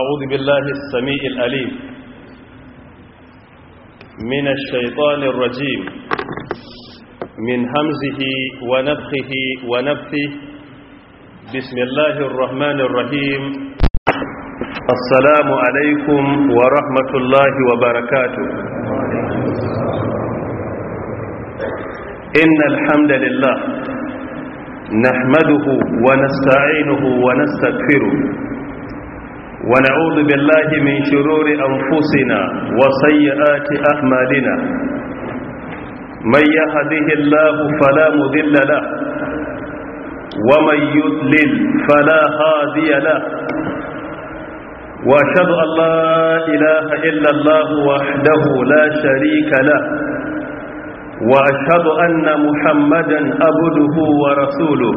أعوذ بالله السميع الأليم من الشيطان الرجيم من همزه ونفخه ونفثه بسم الله الرحمن الرحيم السلام عليكم ورحمة الله وبركاته إن الحمد لله نحمده ونستعينه ونستغفره ونعوذ بالله من شرور أنفسنا وسيئات أعمالنا من يهده الله فلا مذل له ومن يذلل فلا هادي له وأشهد أن لا إله إلا الله وحده لا شريك له وأشهد أن محمدا عبده ورسوله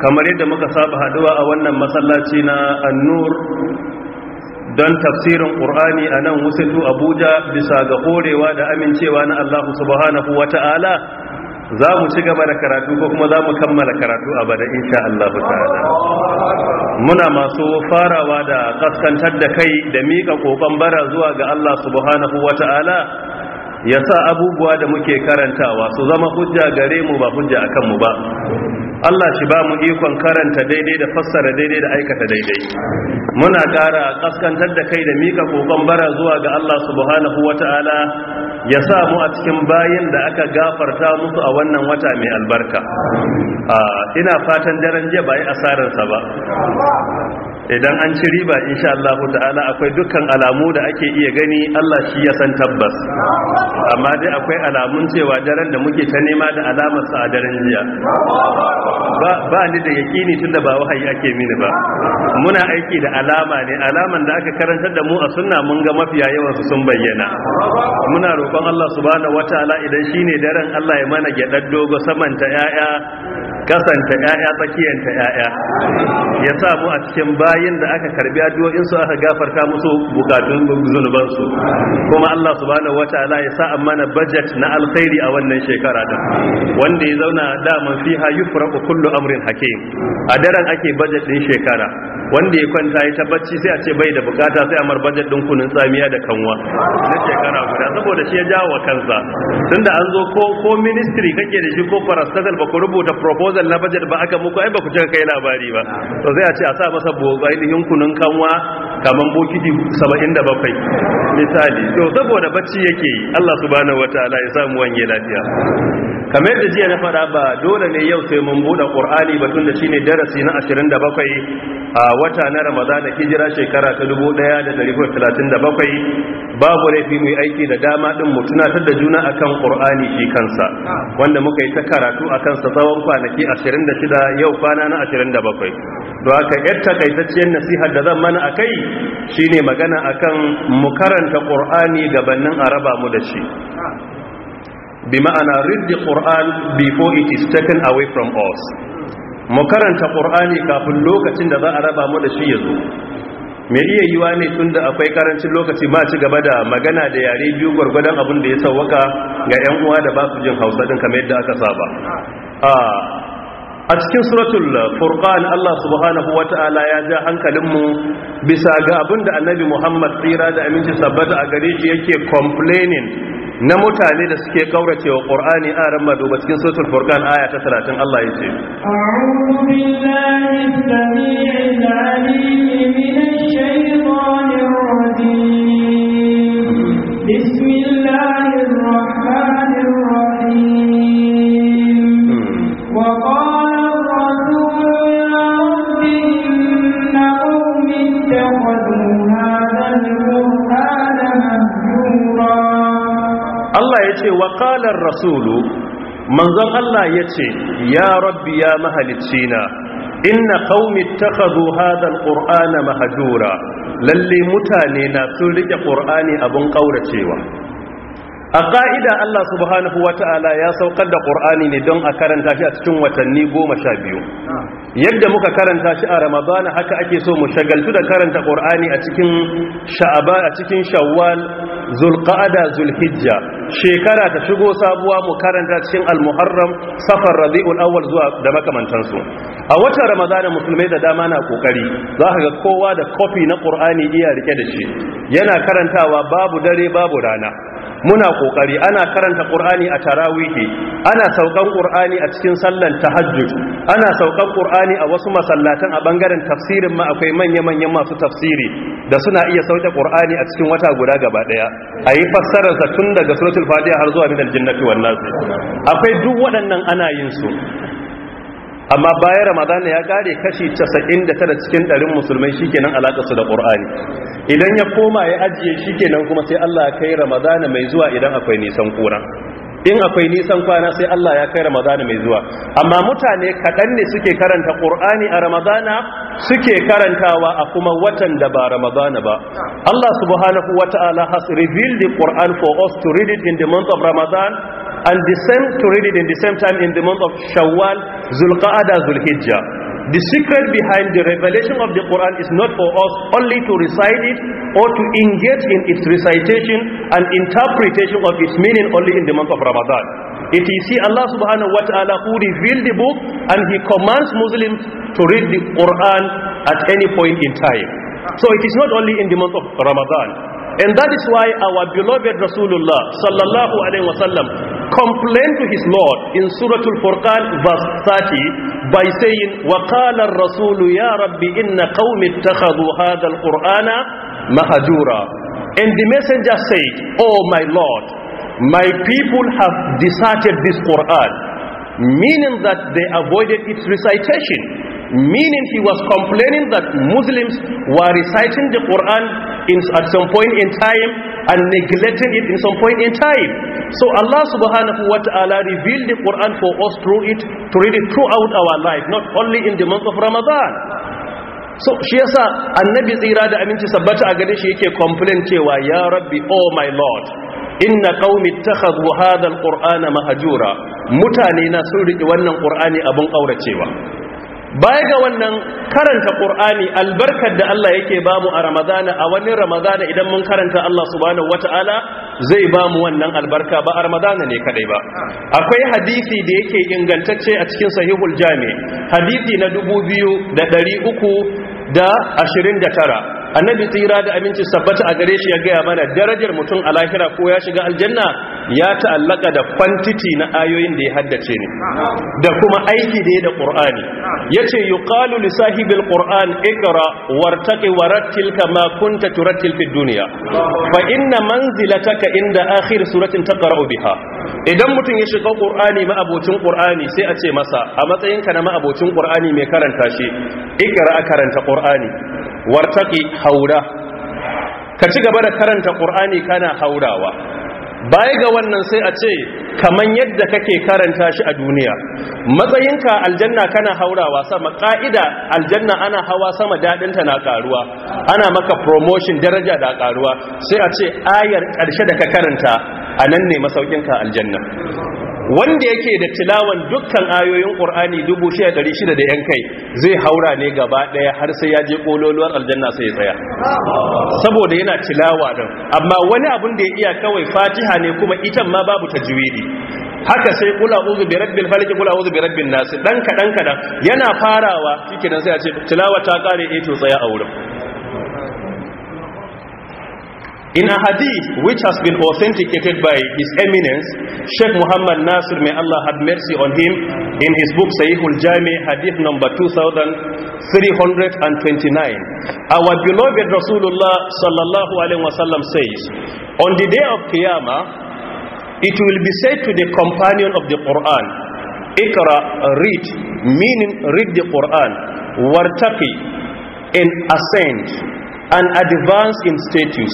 kamar yadda muka saba haduwa a wannan masallaci na annur don tafsirin ƙur'ani a nan wusillu abuja bisa ga horewa da amincewa na allahu subhanahu wa ta'ala za mu ci gaba da karatu ko kuma za mu kammala karatu a bada insha allahu ta'ala muna masu farawa da kaskantar da kai da miƙa ƙoƙon bara zuwa ga allah subhanahu wa ta'ala ya sa abubuwa da muke karantawa su zama hujja gare mu ba hujja a kanmu ba Allah shi ba mu ikon karanta daidai da fassara daidai da aikata daidai muna ƙara kaskantar da kai da mika kokon bara zuwa ga Allah subhanahu wata'ala ya sa mu a cikin bayin da aka gafarta musu a wannan wata mai albarka ah, ina fatan daren jiya ba yi asararsa ba idan an ci riba insha Allah ta'ala akwai dukkan alamu da ake iya gani Allah shi ya san tabbas amma dai akwai alamun cewa daren da muke ta nema da alamar sa a daren jiya ba ni da yakini da ba wahayi ake mini ba muna aiki da alama ne alaman da aka karantar da mu a sunna mun ga mafiya yawan su sun bayyana muna roƙon Allah subhanahu wataala idan shine daren Allah ya mana gyadar dogo samanta yaya kasanta ƴaƴa tsakiyanta ƴaƴa ya sa mu a cikin bayin da aka karbi addu'o'in su aka gafarta musu bukatun zunuban su kuma Allah subhanahu wataala ya sa amana budget na alkhairi a wannan shekara din wanda ya zauna da man fiha yufraqu kullu amrin hakim a daren ake budget din shekara wanda ya kwanta ya tabbaci sai a ce bai da bukata sai a marbajar din kunun tsamiya da kanwa na shekara guda saboda shi ya jawo wa kansa tunda an zo ko ko ministry kake da shi ko parastatal ba ku rubuta proposal na budget ba aka muku ai ba ku cika kai labari ba to sai a ce a sa masa ɗin kunun kanwa kaman bokiti 77 misali to saboda bacci yake yi Allah subhanahu wataala ya samu wanye lafiya kamar yadda jiya na faɗa ba dole ne yau sai mun buɗe ƙur'ani ba tunda shine darasi na 27 a wata na da hijira shekara ta 1437 babu laifi mai aiki da dama din mu tunatar da juna akan qur'ani shi kansa wanda muka yi ta karatu akan sa tsawon kwanaki 26 yau kwana na 27 to haka yar takaitacciyar nasiha da zan mana akai shine magana akan mu karanta qur'ani gabanin araba mu da shi bi ma'ana read the quran before it is taken away from us mu karanta qur'ani kafin lokacin da za a raba mu da shi yazo me iya yiwa ne tunda akwai karancin lokaci ba ci gaba da magana da yare biyu gwargwadon abin da ya sauwaka ga yan uwa da ba su jin Hausa din kamar yadda aka saba a cikin suratul furqan Allah subhanahu wataala ya ja hankalin mu bisa ga abinda Annabi Muhammad tsira da aminci sabbata a gare shi yake complaining na mutane da suke kaurace wa ƙor'ani a ran maduba cikin sautul furkan aya ta talatin Allah ya ce أعوذ بالله السميع العليم من faƙalar rasulu manzon Allah ya ce ya rabbi ya mahalicci na inna qaumi ittakhadhu hadha alqur'ana mahjura lalle mutane na sun rike qur'ani abun kauracewa a ka'ida Allah subhanahu wata'ala ya saukar da qur'ani ne don a karanta shi a cikin watanni 12 yadda muka karanta shi a ramadana haka ake so mu shagaltu da karanta qur'ani a cikin sha'aba a cikin shawwal zulhijja shekara ta shigo sabuwa mu karanta cikin almuharram safar rabiul awwal zuwa da makamantansu a watan ramadana musulmai da dama na kokari za ka ga kowa da kofi na qur'ani iya rike da shi yana karantawa babu dare babu rana muna kokari ana karanta qur'ani a tarawihi ana saukan qur'ani a cikin sallan tahajjud ana saukan qur'ani a wasu masallatan a bangaren tafsirin ma akwai manya-manyan masu tafsiri da suna iya sauke qur'ani a cikin wata guda gaba daya ayi fassarar sa tun daga suratul fatiha har zuwa minal jannati wan nas akwai duk waɗannan ana yin su amma bayan ramadan ya kare kashi 99 cikin ɗarin musulmai shikenan su da qur'ani idan ya koma ya ajiye shi shikenan kuma sai Allah ya kai ramadan mai zuwa idan akwai nisan kura in akwai nisan kwana sai Allah ya kai ramadana mai zuwa amma mutane kaɗan ne suke karanta ƙur'ani a ramadana suke karantawa a kuma watan da ba ramadana ba Allah subhanahu wa ta'ala has revealed the Quran for us to read it in the month of Ramadan and the same to read it in the same time in the month of Shawwal, Zulqa'adah, Zulhijjah. The secret behind the revelation of the Quran is not for us only to recite it or to engage in its recitation and interpretation of its meaning only in the month of Ramadan. It is see Allah subhanahu wa ta'ala who revealed the book and he commands Muslims to read the Quran at any point in time. So it is not only in the month of Ramadan. And that is why our beloved Rasulullah sallallahu alayhi wasallam complained to his Lord in Surah Al-Furqan verse 30 by saying وَقَالَ الرَّسُولُ يَا رَبِّ إِنَّ قَوْمِ اتَّخَذُوا هَذَا الْقُرْآنَ مَهَجُورًا And the messenger said, Oh my Lord, my people have deserted this Quran meaning that they avoided its recitation meaning he was complaining that Muslims were reciting the Quran in, at some point in time and neglecting it in some point in time. So Allah subhanahu wa ta'ala revealed the Quran for us through it, to read it throughout our life, not only in the month of Ramadan. So shi yasa annabi tsira da aminci sabbata a gare shi yake complain cewa ya rabbi oh my lord inna qaumi ittakhadhu hadha alqur'ana mahjura mutane na sun rike wannan qur'ani abun auracewa baya ga wannan karanta qur'ani albarkar da Allah yake bamu a ramadana a wani ramadana idan mun karanta Allah subhanahu wataala zai bamu wannan albarka ba a ramadana ne kadai ba akwai hadisi da yake ingantacce a cikin sahihul jami hadisi na 2329 annabi tsira da aminci sabbata a gare shi ya gaya mana darajar mutum a lahira ko ya shiga aljanna ya ta'allaka da kwantiti na ayoyin da ya haddace ne da kuma aiki da ya da qur'ani yace yuqalu li sahibil qur'an ikra wartaqi warattil kama kunta turattil fid dunya fa inna manzilataka inda akhir suratin taqra'u biha idan mutum ya shiga qur'ani ma abocin qur'ani sai a ce masa a matsayinka na ma abocin qur'ani mai karanta shi ikra karanta qur'ani wartaki haura ka ci gaba da karanta ƙur'ani kana haurawa baya ga wannan sai a ce kaman yadda kake karanta shi a duniya matsayinka aljanna kana haurawa sama ƙa'ida aljanna ana hawa sama daɗinta na ƙaruwa ana maka promotion daraja da ƙaruwa sai a ce ayar ƙarshe da ka karanta a nan ne masaukinka aljanna wanda yake da tilawan dukkan ayoyin qur'ani 1600 da yan kai zai haura ne gaba ɗaya har sai ya je kololuwar aljanna sai ya tsaya saboda yana tilawa din amma wani abun da ya iya kawai fatiha ne kuma itan ma babu tajwidi haka sai kula uzu bi rabbil falaki kula uzu bi rabbin nas dan kadan kadan yana farawa shikenan sai a ce tilawa ta kare eto eh tsaya a wurin In a hadith which has been authenticated by His Eminence, Sheikh Muhammad Nasir, may Allah have mercy on him, in his book Sayyidul Jami, hadith number 2329, our beloved Rasulullah sallallahu alayhi wasallam says, On the day of Qiyamah, it will be said to the companion of the Quran, Ikra, read, meaning read the Quran, wartaqi, and ascend, and advance in status.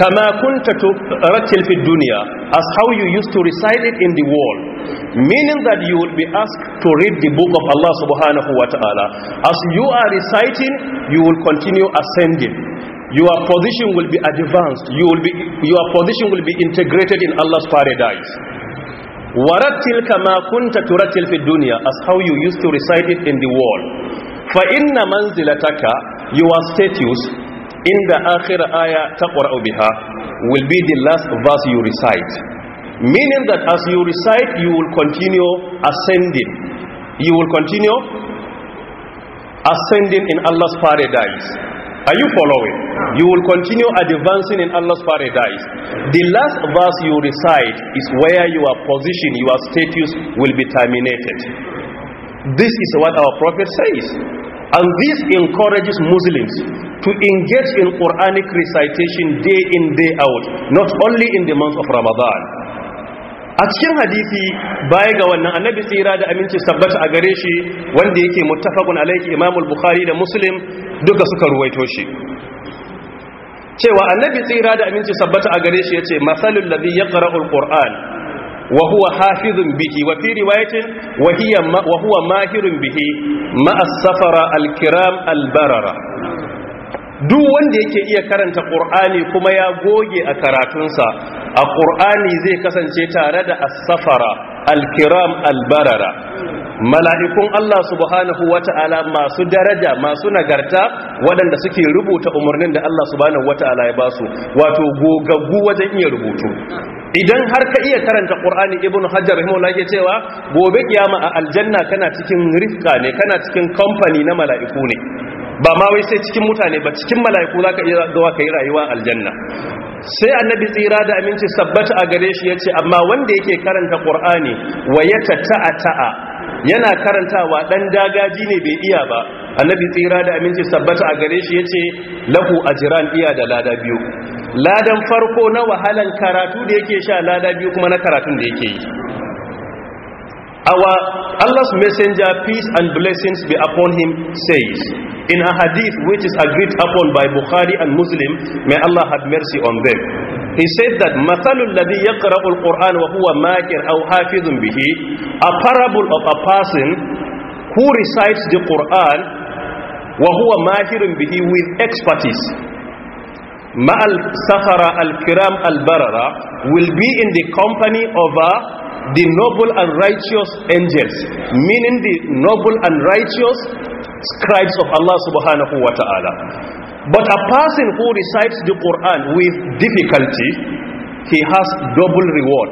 kama kunta turattil fid as how you used to recite it in the world meaning that you will be asked to read the book of Allah subhanahu wa ta'ala as you are reciting you will continue ascending your position will be advanced you will be your position will be integrated in Allah's paradise warattil kama kunta turattil fid dunya as how you used to recite it in the world fa inna manzilataka your status In the akhir aya taqra'u biha will be the last verse you recite meaning that as you recite you will continue ascending you will continue ascending in Allah's paradise are you following you will continue advancing in Allah's paradise the last verse you recite is where your position your status will be terminated this is what our prophet says And this encourages Muslims to engage in Quranic recitation day in, day out, not only in the month of Ramadan. A cikin hadisi baya ga wannan annabi tsira da aminci sabbata a gare shi wanda yake muttafaqun alayhi Imam al-Bukhari da Muslim duka suka ruwaito shi. Cewa annabi tsira da aminci sabbata a gare shi yace masalul ladhi yaqra'ul quran وهو حافظ به وفي رواية وهي ما وهو ماهر به مع السفر الكرام البررة duk wanda yake iya karanta qur'ani kuma ya goge a karatunsa a qur'ani zai kasance tare da as-safara al-kiram al-barara mala'ikun Allah subhanahu wata'ala masu daraja masu nagarta waɗanda suke rubuta umarnin da Allah subhanahu wata'ala ya basu wato gogaggu wajen iya rubutu idan har ka iya karanta qur'ani ibnu hajjar rahimahu yake cewa gobe kiyama a aljanna kana cikin rifka ne kana cikin kamfani na mala'iku ne ba ma wai sai cikin mutane ba cikin mala'iku za ka iya zuwa ka yi rayuwa aljanna sai annabi tsira da aminci sabbata a gare shi ya ce amma wanda yake karanta Kur'ani wa ya ta'a yana karantawa ɗan dagaji ne bai iya ba annabi tsira da aminci sabbata a gare shi ya ce lahu a jiran iya da lada biyu ladan farko na wahalan karatu da yake sha lada biyu kuma na karatun da yake yi Our Allah's messenger, peace and blessings be upon him, says in a hadith which is agreed upon by Bukhari and Muslim, may Allah have mercy on them. He said that مَثَلُ الَّذِي يَقْرَأُ الْقُرْآنَ وَهُوَ مَاكِرْ أَوْ حَافِظٌ بِهِ A parable of a person who recites the Qur'an وَهُوَ مَاهِرٌ بِهِ with expertise ma'al Safara al-kiram al-barara will be in the company of a uh, the noble and righteous angels meaning the noble and righteous scribes of Allah subhanahu wa ta'ala but a person who recites the Quran with difficulty he has double reward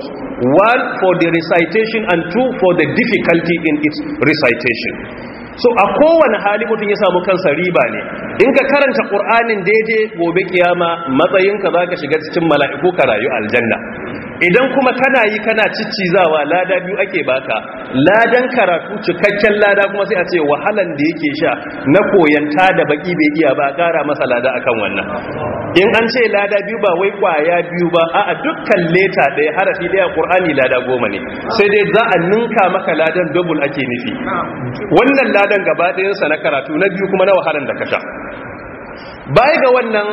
one for the recitation and two for the difficulty in its recitation so a kowane hali mutum ya samu kansa riba ne in ka karanta qur'anin daidai gobe kiyama matsayinka zaka shiga cikin mala'iku ka rayu aljanna idan kuma kana yi kana ciccizawa lada biyu ake baka ladan karatu cikakken lada kuma sai a ce wahalan da yake sha na koyan ta da baki bai iya ba kara masa lada akan wannan in an ce lada biyu ba wai kwaya biyu ba a dukkan leta ɗaya harafi daya qur'ani lada goma ne sai dai za a ninka maka ladan double ake nufi wannan ladan gaba ɗayansa na karatu na biyu kuma na wahalan da ka sha baya ga wannan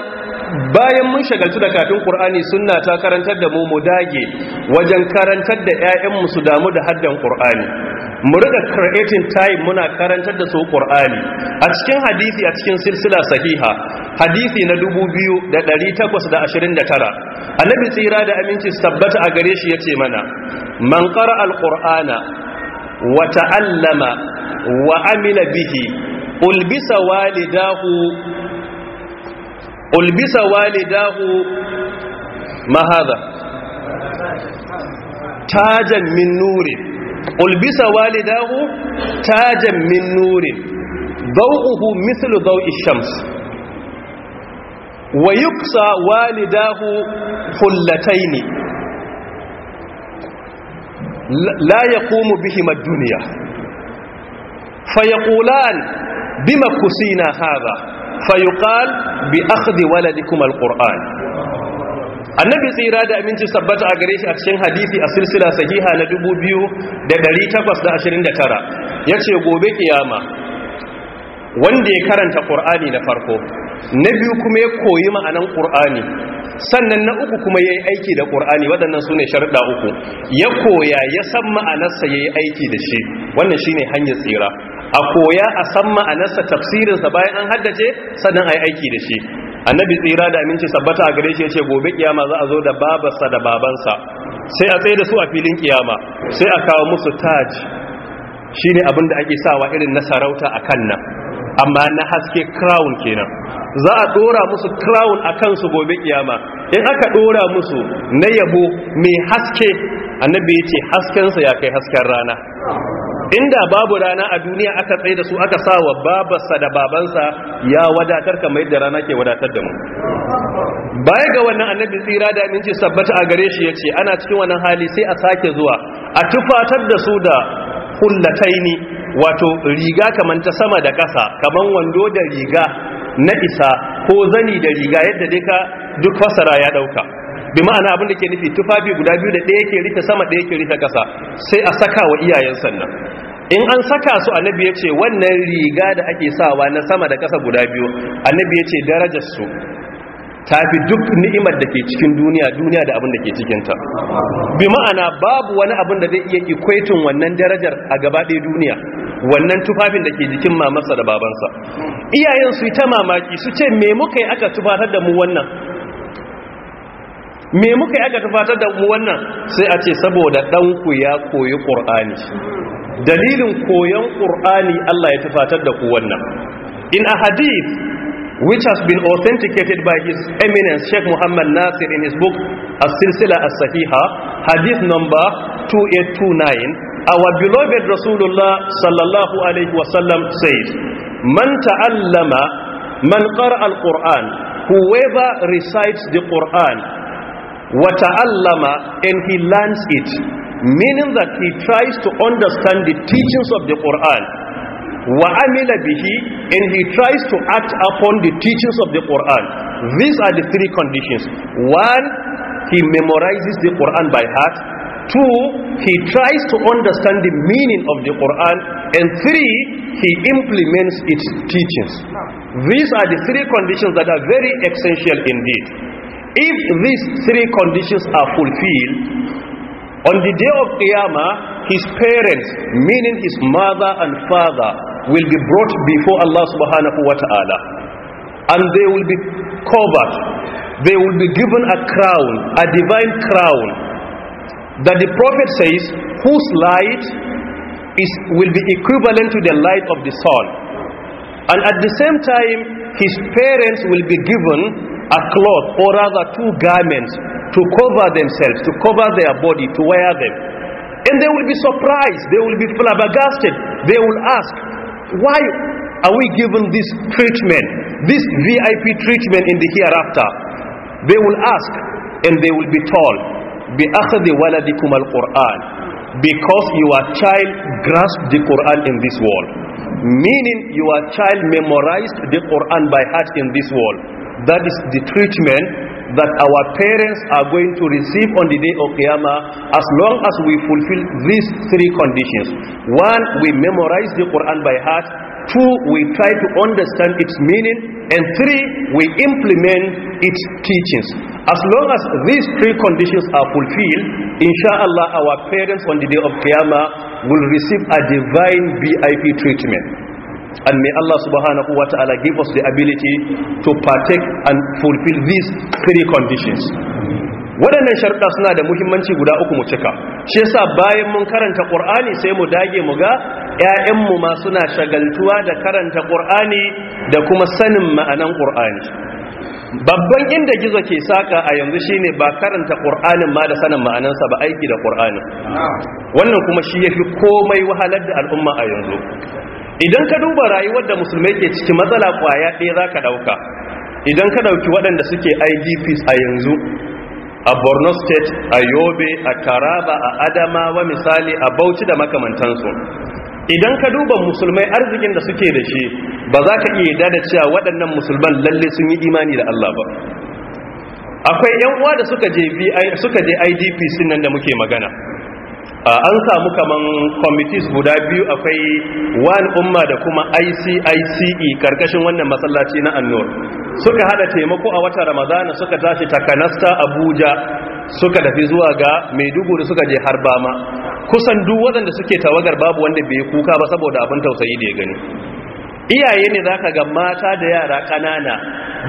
bayan mun shagaltu da kafin Kur'ani sunna ta karantar da mu mu dage wajen karantar da 'ya'yanmu su damu da haddan Kur'ani mu rika creating time muna karantar da su Kur'ani a cikin hadisi a cikin silsila sahiha hadisi na 2829 annabi tsira da aminci tabbata a gare shi ya ce mana man qara al-qur'ana wa ta'allama wa amila bihi ulbisa walidahu ulbisa walidahu ma tajan min nurin ulbisa walidahu tajan min nurin dawuhu mithlu dawi shams wa yuksa walidahu hullataini la yaqumu bihim ad-dunya fayaqulan bima kusina hadha fayuqal bi akhdhi waladikum al-qur'an annabi tsira da aminci sabbata a gare shi a cikin hadisi a silsila sahiha na 2829 ce gobe kiyama wanda ya karanta ƙur'ani na farko na biyu kuma ya koyi ma'anan ƙur'ani sannan na uku kuma ya yi aiki da ƙur'ani waɗannan su ne sharɗa uku ya koya ya san ma'anarsa ya yi aiki da shi wannan shi ne hanyar tsira a koya a san ma'anarsa tafsirinsa bayan an haddace sannan a yi aiki da shi annabi tsira da aminci sabbata a gare shi ya ce gobe kiyama za a zo da babarsa da babansa sai a tsaye da su a filin kiyama sai a kawo musu taj shi ne abin da ake sawa irin na sarauta a kan nan amma na haske crown kenan za a dora musu crown a kansu gobe kiyama in aka dora musu na yabo mai haske annabi ya ce haskensa ya kai hasken rana inda babu rana a duniya aka tsaye da su aka sa wa babarsa da babansa ya wadatar kamar yadda rana ke wadatar da mu baya ga wannan annabi tsira da aminci sabbata a gare shi ya ce ana cikin wannan hali sai a sake zuwa a tufatar da su da kullataini wato riga kaman ta sama da ƙasa kaman wando da riga na isa ko zani da riga yadda dai ka duk fasara ya ɗauka bi ma'ana abin da ke nufi tufafi guda biyu da ɗaya ke rita sama ɗaya ke rita ƙasa sai a saka wa iyayen sannan in an saka su annabi ya ce wannan riga da ake sawa na sama da ƙasa guda biyu annabi ya ce darajarsu ta fi duk ni'imar da ke cikin duniya duniya da abin da ke cikinta bi ma'ana babu wani abin da zai iya ikwaitun wannan darajar a gaba ɗaya duniya wannan tufafin da ke jikin mamarsa da babansa iyayen su ta mamaki su ce me muka yi aka tufatar da mu wannan me muka yi aka tufatar da mu wannan sai a ce saboda ɗanku ya koyi ƙur'ani dalilin koyon ƙur'ani Allah ya tufatar da ku wannan in a hadith which has been authenticated by his eminence Sheikh Muhammad Nasir in his book As-Silsila As-Sahiha hadith number 2829 our beloved Rasulullah sallallahu alayhi wasallam says, Man ta'allama man qara al-Quran, whoever recites the Quran, wa ta'allama and he learns it, meaning that he tries to understand the teachings of the Quran, wa amila bihi and he tries to act upon the teachings of the Quran. These are the three conditions. One, he memorizes the Quran by heart two he tries to understand the meaning of the Quran and three he implements its teachings these are the three conditions that are very essential indeed if these three conditions are fulfilled on the day of Qiyamah his parents meaning his mother and father will be brought before Allah subhanahu wa ta'ala and they will be covered they will be given a crown a divine crown that the prophet says whose light is will be equivalent to the light of the sun and at the same time his parents will be given a cloth or rather two garments to cover themselves to cover their body to wear them and they will be surprised they will be flabbergasted they will ask why are we given this treatment this VIP treatment in the hereafter they will ask and they will be told bi akhdi waladikum alquran because your child grasp the quran in this world meaning your child memorized the quran by heart in this world that is the treatment that our parents are going to receive on the day of Qiyamah as long as we fulfill these three conditions. One, we memorize the Quran by heart. two we try to understand its meaning and three we implement its teachings as long as these three conditions are fulfilled inshallah our parents on the day of qiyamah will receive a divine vip treatment and may allah subhanahu wa ta'ala give us the ability to partake and fulfill these three conditions waɗannan sharuɗa suna da muhimmanci guda uku mu cika shi yasa bayan mun karanta ƙur'ani sai mu dage mu ga 'ya'yanmu ma suna shagaltuwa da karanta ƙur'ani da kuma sanin ma'anan ƙur'ani babban inda gizo ke saka a yanzu shi ne ba karanta ƙur'anin ma da sanin ma'anansa ba aiki da ƙur'anin wannan kuma shi ya fi komai wahalar da al'umma a yanzu idan ka duba rayuwar da musulmai ke ciki matsala kwaya ɗaya za ka ɗauka idan ka ɗauki waɗanda suke idps a yanzu a borno state a yobe a taraba a adamawa misali a bauchi da makamantansu idan ka duba musulmai arzikin da suke da shi ba za ka iya yarda da cewa waɗannan musulman lalle sun yi imani da Allah ba akwai yan uwa da suka je suka je IDP sun nan da muke magana an samu kaman committees guda biyu akwai wani umma da kuma ICICE karkashin wannan masallaci na annur suka hada taimako a wata ramadana suka tashi takanasta abuja suka tafi zuwa ga maiduguri suka je har bama kusan duk waɗanda suke tawagar babu wanda bai kuka ba saboda abin tausayi da ya gani iyaye ne zaka ga mata da yara kanana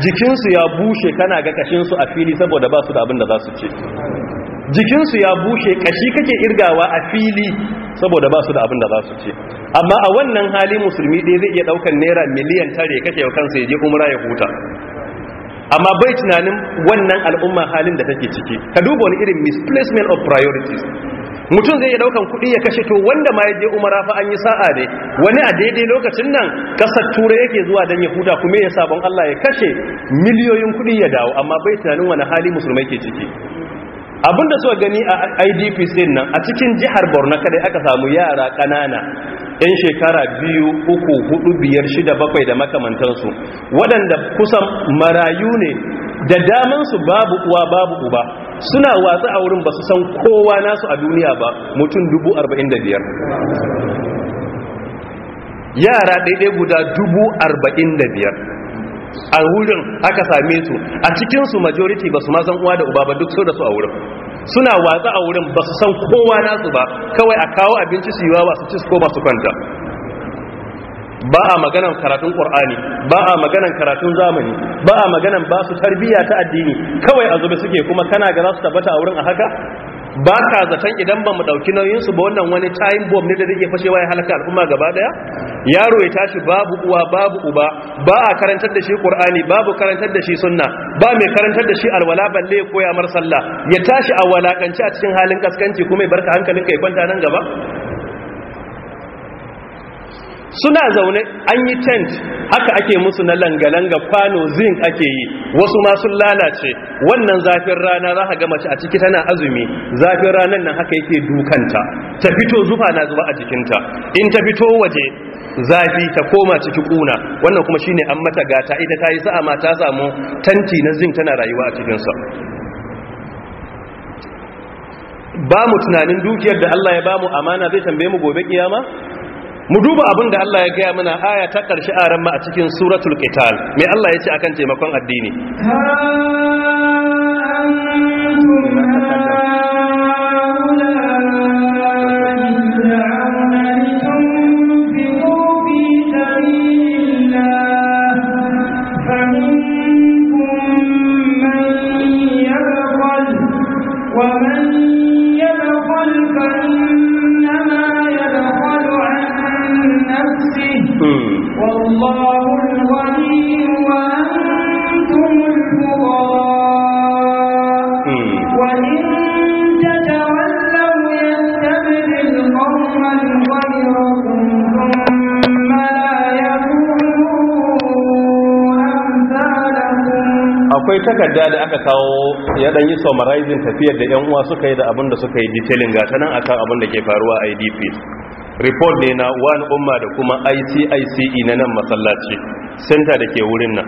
jikinsu ya bushe kana ga kashinsu a fili saboda ba su da abin da za su ce jikinsu ya bushe kashi kake irgawa a fili saboda ba su da abin da za su ce amma a wannan hali musulmi ɗaya zai iya ɗaukar naira miliyan tare kake wa kansa ya je umra ya huta amma bai tunanin wannan al'umma halin da take ciki ka duba wani irin misplacement of priorities mutum zai iya daukan kuɗi ya kashe to wanda ma ya je umara fa an yi sa'a ne wani a daidai lokacin nan kasar turai yake zuwa dan ya huta kuma ya sabon Allah ya kashe miliyoyin kuɗi ya dawo amma bai tunanin wani hali musulmai ke ciki abinda suka gani a idp sin nan a cikin jihar borno kadai aka samu yara kanana yan shekara biyu uku hudu biyar shida bakwai da makamantansu waɗanda kusan marayu ne da damansu babu uwa babu uba suna watsa a wurin ba su san kowa nasu a duniya ba mutum dubu yara ɗaiɗai guda dubu arba'in da biyar a wurin aka same su a cikinsu majority ba su ma uwa da uba ba duk so da su a wurin suna watsa a wurin ba su san kowa nasu ba kawai a kawo abinci su yi wa su ci ko ba su kwanta ba a maganan karatun qur'ani ba a maganan karatun zamani ba a maganan ba su tarbiyya ta addini kawai a zube suke kuma kana ga za su tabbata a wurin a haka ba ka zaton idan ba mu ɗauki nauyinsu ba wannan wani time bomb ne da zai fashewa ya halaka al'umma gaba daya yaro ya tashi babu uwa babu uba ba a karantar da shi qur'ani babu karantar da shi sunna ba mai karantar da shi alwala balle koya mar sallah ya tashi a walakanci a cikin halin kaskanci kuma ya barka hankalinka ya kwanta nan gaba suna zaune an yi tent haka ake musu na langa-langa kwano zin ake yi wasu masu lalace wannan zafin rana za ka ga mace a ciki tana azumi zafin ranar nan haka yake dukanta ta fito zufa na zuba a cikinta in ta fito waje zafi ta koma ciki kuna wannan kuma shine an mata gata ita ta yi sa'a ma ta samu tanti na zin tana rayuwa a cikinsa ba mu tunanin dukiyar da Allah ya ba mu amana zai tambaye mu gobe kiyama mu duba abin da Allah ya gaya mana aya ta ƙarshe a ranma a cikin suratul qital me Allah ya ce akan taimakon addini akwai takarda da aka kawo ya dan yi summarizing tafiyar da yan uwa suka yi da abin da suka yi detailing gata nan akan abin da ke faruwa a IDP report ne na wani umma da kuma ICICE na nan masallaci center da ke wurin nan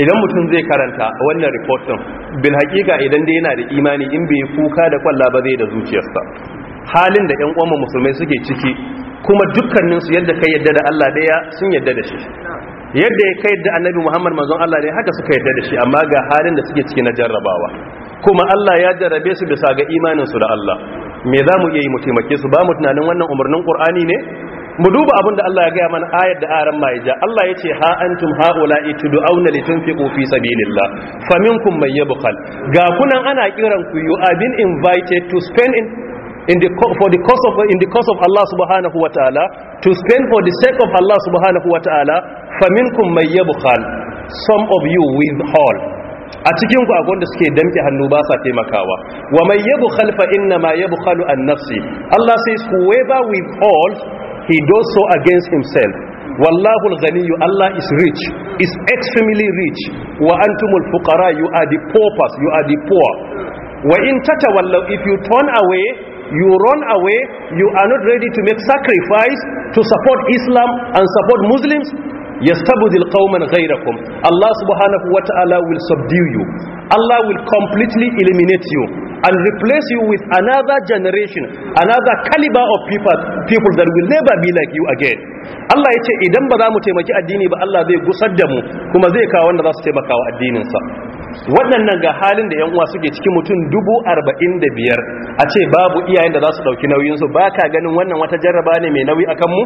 idan mutum zai karanta wannan din bil hakika idan dai yana da imani in bai kuka da kwalla ba zai da zuciyarsa halin da 'yan uwan musulmai suke ciki kuma dukkaninsu yadda kai yadda da Allah daya sun yadda da shi yadda ya kai da annabi muhammad mazan Allah ne haka suka yadda da shi amma ga halin da suke ciki na jarrabawa kuma Allah ya jarrabe su bisa ga imaninsu da Allah me za mu iya yi mu taimake su ba mu tunanin wannan umarnin ƙur'ani ne mu duba abin da Allah ya gaya mana ayar da aran ma'aija Allah ya ce ha antum haula auna litunfiqu fi sabilillah faminkum may yabkhal ga kunan ana kiran ku you are being invited to spend in in the for the cause of in the cause of Allah subhanahu wa ta'ala to spend for the sake of Allah subhanahu wa ta'ala faminkum mai yabkhal some of you with all a cikin ku akwai suke damke hannu ba sa taimakawa wa mai yabkhal fa inna ma yabkhalu an nafsi Allah says whoever with all he does so against himself Wallahul al Allah is rich is extremely rich wa antumul fuqara you are the paupers you are the poor wa in tatawallaw if you turn away you run away you are not ready to make sacrifice to support Islam and support Muslims yastabdil qauman ghayrakum Allah subhanahu wa ta'ala will subdue you Allah will completely eliminate you and replace you with another generation another caliber of people people that will never be like you again Allah ya ce idan ba za mu taimaki addini ba Allah zai gusar da mu kuma zai kawo wanda za su taimaka wa sa waɗannan ga halin da yan uwa suke cikin mutum dubu arba'in da biyar a ce babu iyayen da za su ɗauki nauyinsu ba ka ganin wannan wata jarraba ne mai nauyi a kanmu?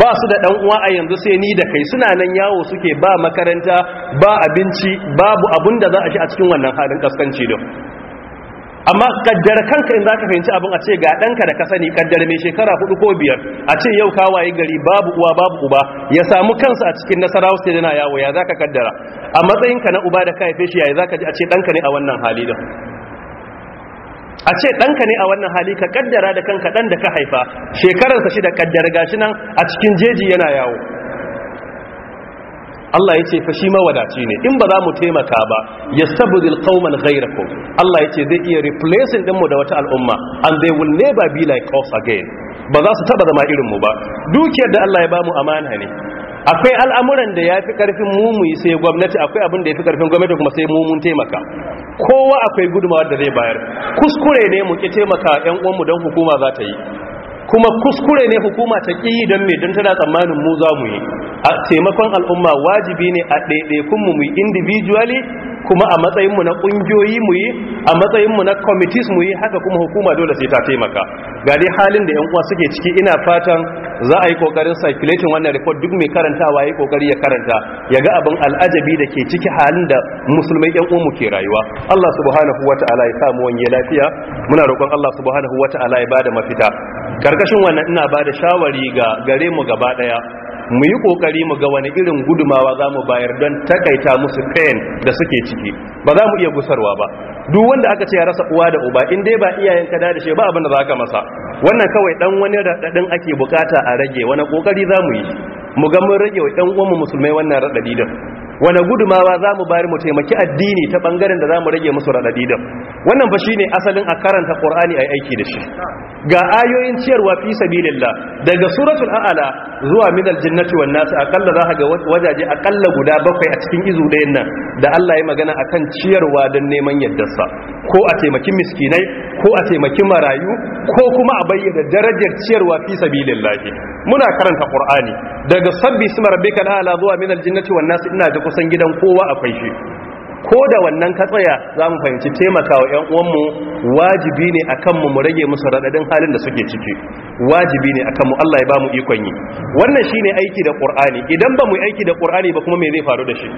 ba su da ɗan uwa a yanzu sai ni da kai suna nan yawo suke ba makaranta ba abinci babu abun da za a shi a cikin wannan halin ƙasƙanci don amma kaddara kanka in zaka fahimci abin a ce ga danka da ka sani kaddara mai shekara hudu ko biyar a ce yau ka waye gari babu uwa babu uba ya samu kansa a cikin nasara sai yana yawo ya zaka kaddara a matsayinka na uba da ka haife shi yayi zaka ji a ce danka ne a wannan hali da a ce ɗanka ne a wannan hali ka kaddara da kanka dan da ka haifa shekararsa shi da kaddara gashi nan a cikin jeji yana yawo Allah ya ce fa shi mawadaci ne in ba za mu taimaka ba ya sabudil qauman ghayrakum Allah ya ce zai iya replacing mu da wata al'umma and they will never be like us again ba za su taba zama irin mu ba dukiyar da Allah ya bamu amana ne akwai al'amuran da yafi karfin ƙarfin mu sai gwamnati akwai abin da ya fi ƙarfin gwamnati kuma sai mumun taimaka kowa akwai gudumawa da zai bayar kuskure ne mu ki taimaka 'yan mu dan hukuma za ta yi kuma kuskure ne hukuma ta ƙi don me tana tsammanin mu za mu yi a taimakon al'umma wajibi ne a ɗaiɗaikunmu mu yi individually kuma a matsayinmu na ƙungiyoyi mu yi a matsayinmu na committees mu yi haka kuma hukuma dole sai ta taimaka ga dai halin da 'yan uwa suke ciki ina fatan za a yi ƙoƙarin circulating wannan report duk mai karantawa ya kokari ya karanta ya ga abin al'ajabi da ke ciki halin da musulmai 'yan mu ke rayuwa Allah subhanahu wa ta'ala ya samu wani lafiya muna roƙon Allah subhanahu wa ta'ala ya bada mafita karkashin wannan ina ba da shawari ga gare mu gaba daya mu yi kokari mu ga wani irin gudumawa za mu bayar don takaita musu pain da suke ciki ba za mu iya gusarwa ba duk wanda aka ce ya rasa uwa da uba in dai ba iyayen ka da shi ba abin da za ka masa wannan kawai dan wani radadin ake bukata a rage wani kokari za mu yi mu ga mun rage wa ɗan uwanmu musulmai wannan radadi din wani gudumawa za mu bari mu taimaki addini ta bangaren da za mu rage musu raɗaɗi da wannan fa shine asalin a karanta qur'ani ai aiki da shi ga ayoyin ciyarwa fi sabilillah daga suratul a'ala zuwa minal jinnati wan su akalla za ga wajaje akalla guda bakwai a cikin izu ɗayan nan da Allah ya magana akan ciyarwa don neman yaddarsa ko a taimakin miskinai ko a taimakin marayu ko kuma a bayyana darajar ciyarwa fi sabilillahi muna karanta qur'ani daga sabbi isma rabbika ala zuwa min aljannati wan nas ina ji kusan gidan kowa akwai shi ko da wannan ka tsaya za mu fahimci taimakawa 'yan uwanmu wajibi ne a kanmu mu rage musu raɗaɗin halin da suke ciki wajibi ne a kanmu Allah ya ba mu ikon yi wannan shi ne aiki da ƙur'ani idan ba mu aiki da ƙur'ani ba kuma me zai faru da shi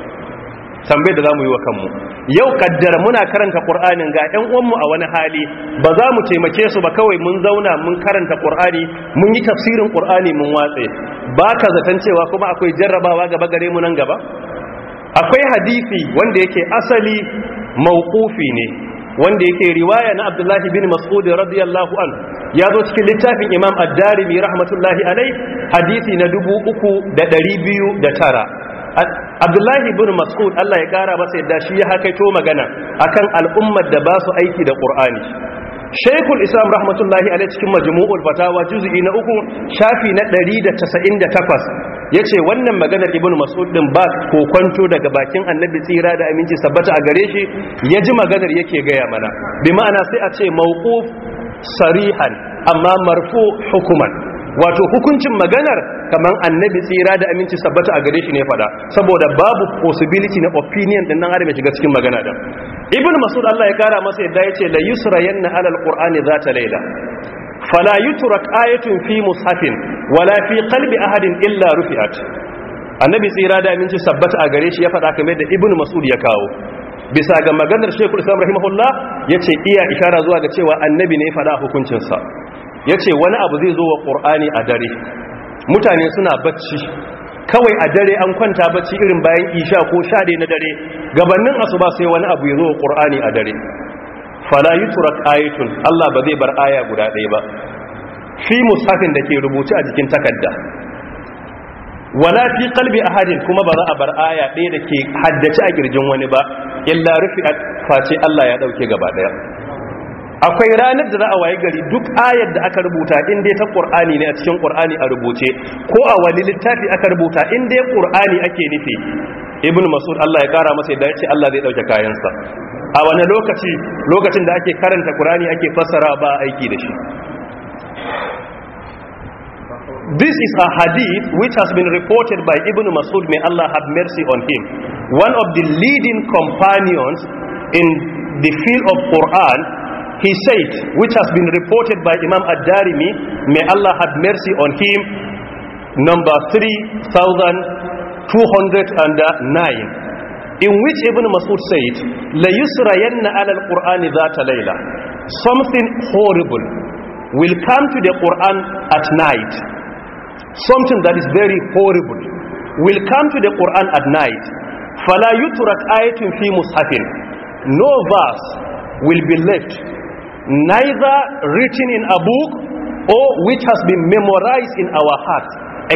tambayar da zamu yi wa kanmu yau kaddara muna karanta qur'anin ga yan uwanmu a wani hali ba za mu taimake su ba kawai mun zauna mun karanta qur'ani mun yi tafsirin qur'ani mun watse ba ka zaton cewa kuma akwai jarrabawa gaba gare mu nan gaba akwai hadisi wanda yake asali mawqufi ne wanda yake riwaya na Abdullahi bin Mas'ud radiyallahu an ya zo cikin littafin Imam Ad-Darimi rahmatullahi alai hadisi na dubu 3209 abdullahi bin mas'ud Allah ya kara masa yadda shi ya hakaito magana akan al'ummar da ba su aiki da qur'ani Sheikhul Islam rahmatullahi alaihi cikin majmu'ul fatawa juz'i na uku shafi na 198 ya ce wannan maganar ibn masud din ba kokwanto daga bakin annabi tsira da aminci sabbata a gare shi ya ji maganar yake gaya mana bi ma'ana sai a ce mawquf sarihan amma marfu hukuman wato hukuncin maganar kamar annabi tsira da aminci sabbata a gare shi ne fada saboda babu possibility na opinion din nan har mai shiga cikin magana da ibn masud Allah ya kara masa yadda yace la yanna ala alqur'ani zata layla fala yutrak ayatun fi mushafin wala fi qalbi ahadin illa rufi'at annabi tsira da aminci sabbata a gare shi ya fada kamar da ibn masud ya kawo bisa ga maganar shaykhul islam rahimahullah ya ce iya ishara zuwa ga cewa annabi ne ya fada hukuncinsa ya ce wani abu zai zo wa ƙur'ani a dare mutane suna bacci kawai a dare an kwanta bacci irin bayan isha ko shade na dare gabanin asuba sai wani abu ya zo wa ƙur'ani a dare falayi turak ayatun allah ba zai bar aya guda ɗaya ba fi musafin da ke rubuci a jikin takarda wala fi a ahadin kuma ba za a bar aya ɗaya da ke haddace a kirjin wani ba illa rufi a face allah ya ɗauke gaba ɗaya akwai ranar da za a waye gari duk ayar da aka rubuta inda ta qur'ani ne a cikin qur'ani a rubuce ko a wani littafi aka rubuta inda dai qur'ani ake nufi Ibn mas'ud Allah ya kara masa da yace Allah zai ɗauke kayansa a wani lokaci lokacin da ake karanta qur'ani ake fassara ba aiki da shi This is a hadith which has been reported by Ibn Masud, may Allah have mercy on him. One of the leading companions in the field of Quran he said, which has been reported by Imam Ad-Darimi, may Allah have mercy on him, number 3209, in which Ibn Masud said, لَيُسْرَيَنَّ عَلَى الْقُرْآنِ ذَاتَ layla, Something horrible will come to the Qur'an at night. Something that is very horrible will come to the Qur'an at night. Fala يُتْرَكْ آيَةٌ فِي مُصْحَفٍ No verse will be left neither written in a book or which has been memorized in our heart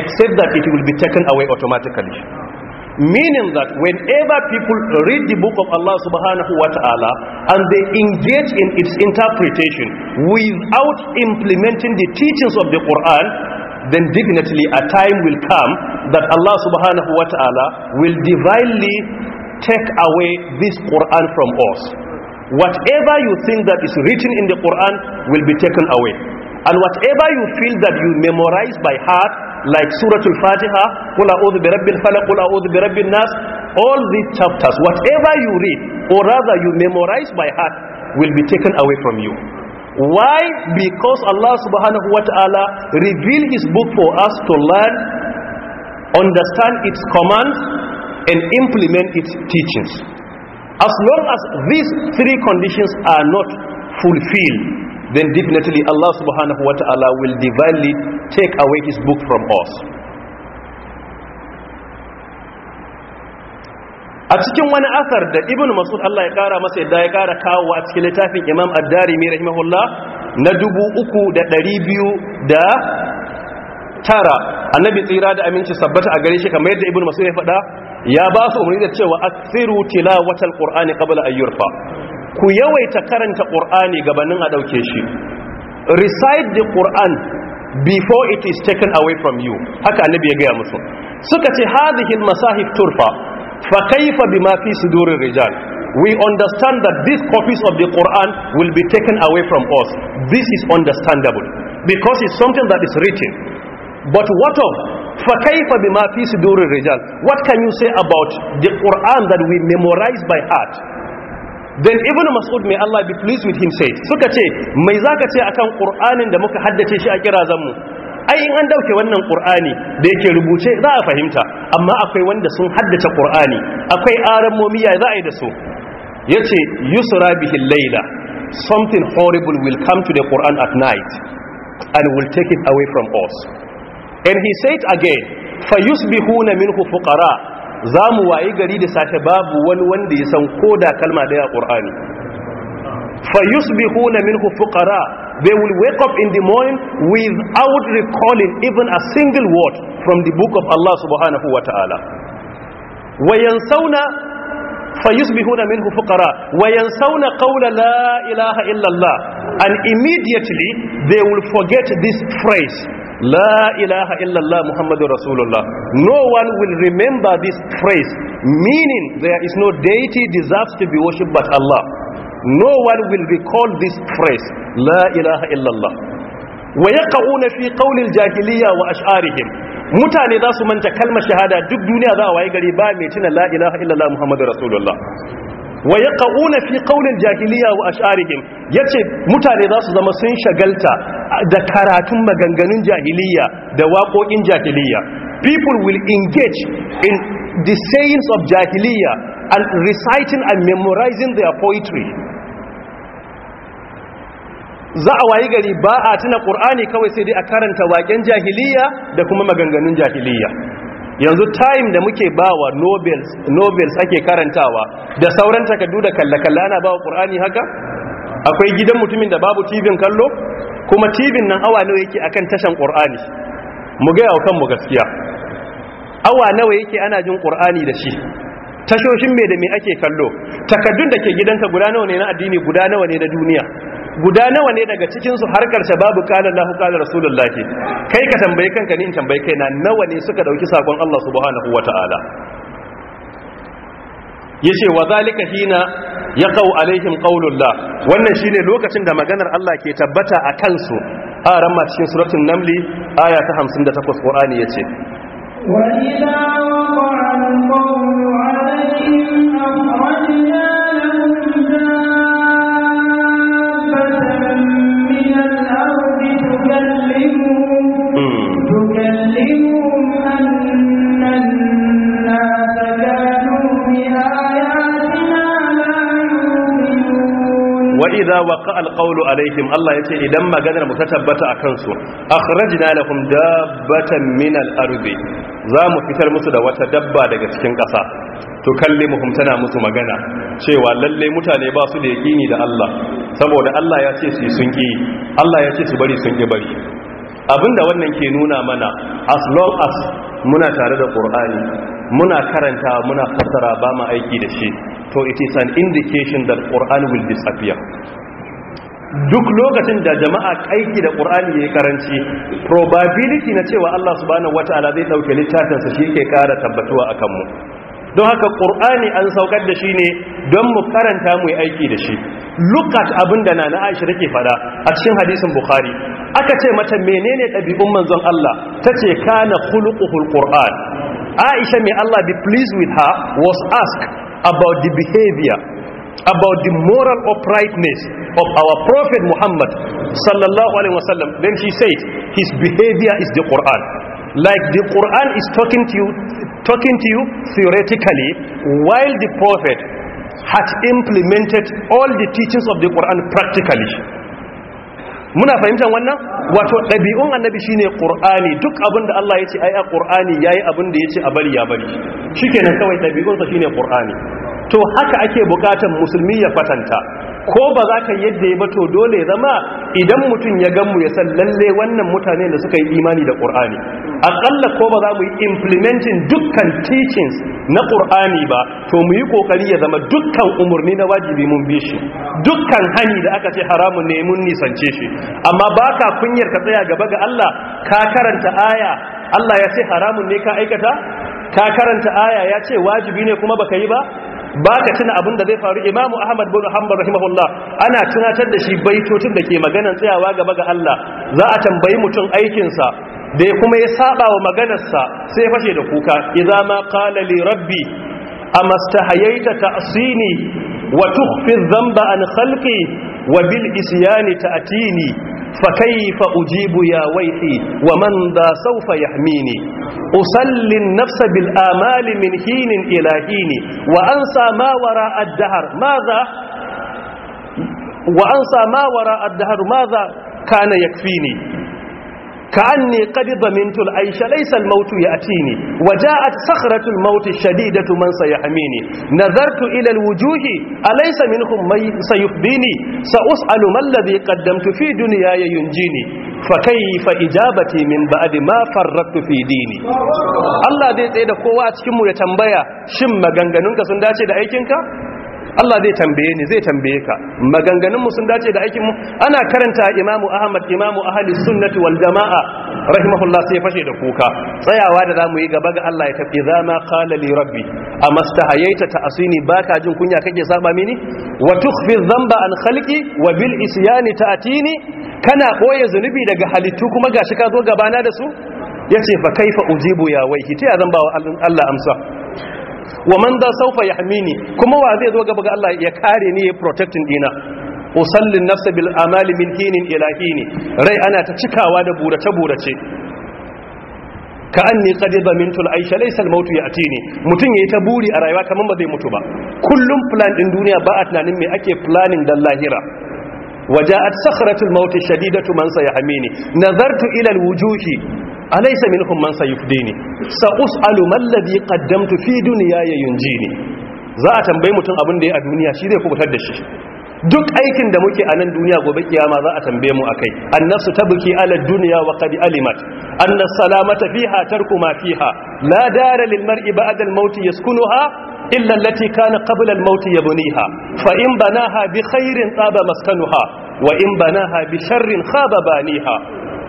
except that it will be taken away automatically meaning that whenever people read the book of Allah subhanahu wa ta'ala and they engage in its interpretation without implementing the teachings of the Quran then definitely a time will come that Allah subhanahu wa ta'ala will divinely take away this Quran from us whatever you think that is written in the Quran will be taken away. And whatever you feel that you memorize by heart, like Surah Al-Fatiha, قُلْ أَعُوذُ بِرَبِّ الْفَلَقُ قُلْ أَعُوذُ بِرَبِّ النَّاسِ All these chapters, whatever you read, or rather you memorize by heart, will be taken away from you. Why? Because Allah subhanahu wa ta'ala revealed His book for us to learn, understand its commands, and implement its teachings. As long as these three conditions are not fulfilled, then definitely Allah subhanahu wa ta'ala will divinely take away his book from us. a cikin wani asar da ibn masud Allah ya kara masa yadda ya kara kawo a cikin littafin imam ad-darimi rahimahullah na dubu uku da ɗari biyu da tara annabi tsira da aminci sabbata a gare shi kamar yadda ibn masud ya faɗa ya ba su umarni da cewa aksiru tilawatal qur'ani qabla an yurfa ku yawaita karanta qur'ani gabanin a dauke shi recite the qur'an before it is taken away from you haka annabi ya gaya musu suka ce hadhihi masahif turfa fa kayfa bima fi sudurir rijal we understand that these copies of the quran will be taken away from us this is understandable because it's something that is written but what of fa kaifa bima fi durin rijal what can you say about the quran that we memorize by heart then ibnu mas'ud may Allah be pleased with him said suka ce mai zaka ce akan qur'anin da muka haddace shi a kira mu ai in an dauke wannan qur'ani da yake rubuce za a fahimta amma akwai wanda sun haddace qur'ani akwai aran momiya za a yi da su yace yusra bihin layla something horrible will come to the quran at night and will take it away from us and he said again fayusbihuna minhu fuqara za mu wayi gari da safe babu wani wanda ya san koda kalma daya a qur'ani fayusbihuna minhu fuqara they will wake up in the morning without recalling even a single word from the book of Allah subhanahu wa ta'ala wayansawna fayusbihuna minhu fuqara wayansawna qawla la ilaha illa Allah and immediately they will forget this phrase la ilaha illallah muhammadur rasulullah no one will remember this phrase meaning there is no deity deserves to be worshipped but allah no one will recall this phrase la ilaha illallah wa yaqauna fi qawli al-jahiliyya wa ash'arihim mutane za su manta kalmar shahada duk duniya za a waye gari ba mai tuna la ilaha illallah muhammadur rasulullah wa yaqauna fi ƙaunin jahiliya wa Ya yace mutane za su zama sun shagalta da karatun maganganun jahiliya da waƙoƙin jahiliya people will engage in the sayings of jahiliya and reciting and memorizing their poetry za a wayi gari ba a tuna ƙur'ani kawai sai dai a karanta waƙen jahiliya da kuma maganganun jahiliya yanzu time da muke bawa nobels nobels ake karantawa da sauran takardu da kalla-kalla ana bawa qur'ani haka akwai gidan mutumin da babu TV kallo kuma TV nan awa nawa yake akan tashan qur'ani mu ga kanmu gaskiya awa nawa yake ana jin qur'ani da shi tashoshin me da me ake kallo takaddun da ke gidanka guda nawa ne na addini guda nawa ne na duniya guda nawa ne daga cikinsu har karshe babu kala lahu kala rasulullah kai ka tambaye kanka ni in tambaye kaina nawa ne suka dauki sakon Allah subhanahu wataala yace wa zalika hina yaqau alaihim qaulullah wannan shine lokacin da maganar Allah ke tabbata a kansu a ramma cikin suratul namli aya ta 58 qur'ani yace wa ila waqa'a alaihim akhrajna wa idza waqa al qawlu alaihim Allah yace idan maganar mu ta tabbata a akan su akhrajna da dabbatan min al za mu fitar musu da wata dabba daga cikin ƙasa to kallimuhum tana musu magana cewa lalle mutane ba su da yaqini da Allah saboda Allah ya ce su sun Allah ya ce su bari sun ƙi bari abinda wannan ke nuna mana as long as muna tare da qur'ani muna karanta muna fassara ba mu aiki da shi to it is an indication that Quran will disappear duk lokacin da jama'a aiki da qur'ani ya karanci probability na cewa Allah subhanahu wata'ala zai ɗauke littafin shi ke kara tabbatuwa akan mu. don haka qur'ani an saukar da shi ne don mu karanta mu aiki da shi look at abin da na na aisha take fada a cikin hadisin bukhari aka ce mata menene ɗabi'un manzon Allah ta ce kana khuluquhul qur'an aisha mai Allah be pleased with her was asked about the behavior, about the moral uprightness of our Prophet Muhammad sallallahu alaihi sallam. then she said his behavior is the Quran. Like the Quran is talking to you, talking to you theoretically, while the Prophet had implemented all the teachings of the Quran practically. muna fahimtar wannan wato ɗabi'un annabi shine qur'ani duk abin da Allah ya ce ai a qur'ani yayi abin da ya ce a bari ya bari shikenan kawai ɗabi'unsa shine qur'ani to haka ake bukatan musulmi ya fatanta ko ba za ka yadda ya bato dole zama idan mutum ya ganmu ya san lalle wannan mutane da suka yi imani da ƙur'ani aƙalla ko ba za mu yi implementing dukkan teachings na ƙur'ani ba to mu yi ƙoƙari ya zama dukkan umarni na wajibi mun bi shi dukkan hani da aka ce haramun ne mun nisance shi amma ba ka kunyar ka tsaya gaba ga Allah ka karanta aya Allah ya ce haramun ne ka aikata ka karanta aya ya ce wajibi ne kuma baka yi ba ba ka tuna abin da zai faru imamu ahmad bin hanbal rahimahullah ana tunatar da shi baitocin da ke maganan tsayawa gaba ga Allah za a tambayi mutum aikinsa da ya kuma ya saba wa maganarsa sai ya fashe da kuka idza ma qala li rabbi amastahayta ta'sini wa tukhfi dhanba an khalqi wa bil isyani ta'tini fa kayfa ujibu ya wayti wa man da sawfa yahmini usalli an-nafsa bil amali min hinin ilahini wa ansa ma wara ad-dahr madha wa ansa ma wara ad-dahr madha kana yakfini كأني قد ضمنت العيش ليس الموت يأتيني وجاءت صخرة الموت الشديدة من سيحميني نظرت إلى الوجوه أليس منهم من سيفديني سأسأل ما الذي قدمت في دنياي ينجيني فكيف إجابتي من بعد ما فرقت في ديني الله دي تsaye da kowa a cikin mu ya tambaya shin maganganunka sun dace da aikinka Allah zai tambaye ni zai tambaye ka maganganunmu sun dace da aikin mu ana karanta imamu ahmad imamu ahli sunnati wal jamaa rahimahullah sai fashe da kuka tsayawa da zamu yi gaba ga Allah ya tafi zama qala li rabbi amastahayaita ta'asini baka jin kunya kake saba mini wa tukhfi dhanba an khalqi wa bil isyani ta'tini kana boye zunubi daga halittu kuma gashi ka zo gabana da su yace fa kaifa ujibu ya waihi ta zan ba wa Allah amsa wa man da saufa ya yahmini kuma wa zai zo gaba ga Allah ya kare ni ya protecting dina usallin nafsa bil amali min hinin ila ne. rai ana ta cikawa da burace burace ka anni qadiba min tul aisha laysa al mautu yatini mutun yayi ta buri a rayuwa kaman ba zai mutu ba kullum plan din duniya ba a tunanin me ake planning dan lahira وجاءت سخرة الموت الشديدة من سيحميني نظرت إلى الوجوه Alaisa minhum man sayufdini sa'usalu man ladhi qaddamtu fi dunyaya yunjini za a tambayi mutum abin da ya a duniya shi zai kubutar da shi duk aikin da muke a nan duniya gobe kiyama za a tambaye mu akai annasu tabki ala dunya wa qad alimat anna salamata fiha tarku ma fiha la dara lil mar'i ba'da al maut yaskunuha illa allati kana qabla al maut yabniha fa in banaha bi khairin taba maskanuha wa in banaha bi sharrin khaba baniha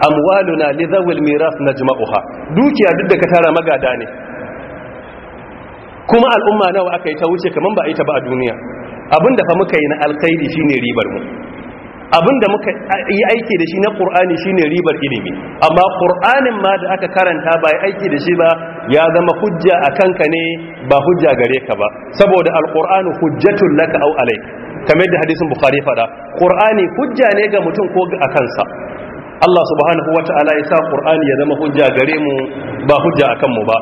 amwaluna li zawil miras najma'uha dukiya duk da ka tara magada ne kuma al'umma nawa aka yi ta wuce kaman ba a yi ta ba a duniya abinda fa muka yi na alkhairi shine ribar mu abinda muka yi aiki da shi na qur'ani shine ribar ilimi amma qur'anin ma da aka karanta ba yi aiki da shi ba ya zama hujja akan ka ne ba hujja gare ka ba saboda alqur'anu hujjatul laka aw alayk kamar da hadisin bukhari fada qur'ani hujja ne ga mutum ko ga kansa Allah subhanahu wa ta'ala ya sa Qur'ani ya zama hujja gare mu ba hujja a kanmu ba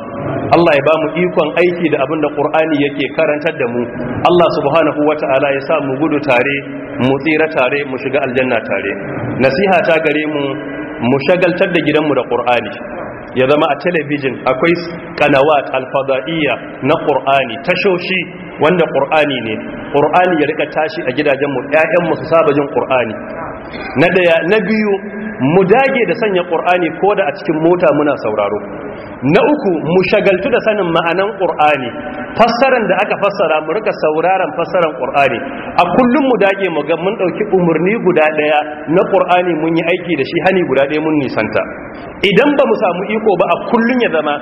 Allah ya ba mu ikon aiki da abin da Qur'ani yake karantar da mu Allah subhanahu wa ta'ala ya sa mu gudu tare mu tsira tare mu shiga aljanna tare nasiha ta gare mu mu shagaltar da gidanmu da kur'ani. ya zama a talabijin akwai kanawat alfada'iyya na ƙur'ani tashoshi wanda ƙur'ani ne ƙur'ani ya rika tashi a gidajenmu ƴaƴanmu su saba jin ƙur'ani na daya na biyu mu dage da sanya qur'ani ko da a cikin mota muna sauraro na uku mu shagaltu da sanin ma'anan qur'ani fassaran da aka fassara mu rika sauraron fassaran qur'ani a kullum mu dage mu ga mun dauki umurni guda daya na qur'ani mun yi aiki da shi hani guda daya mun nisanta idan ba mu samu iko ba a kullun ya zama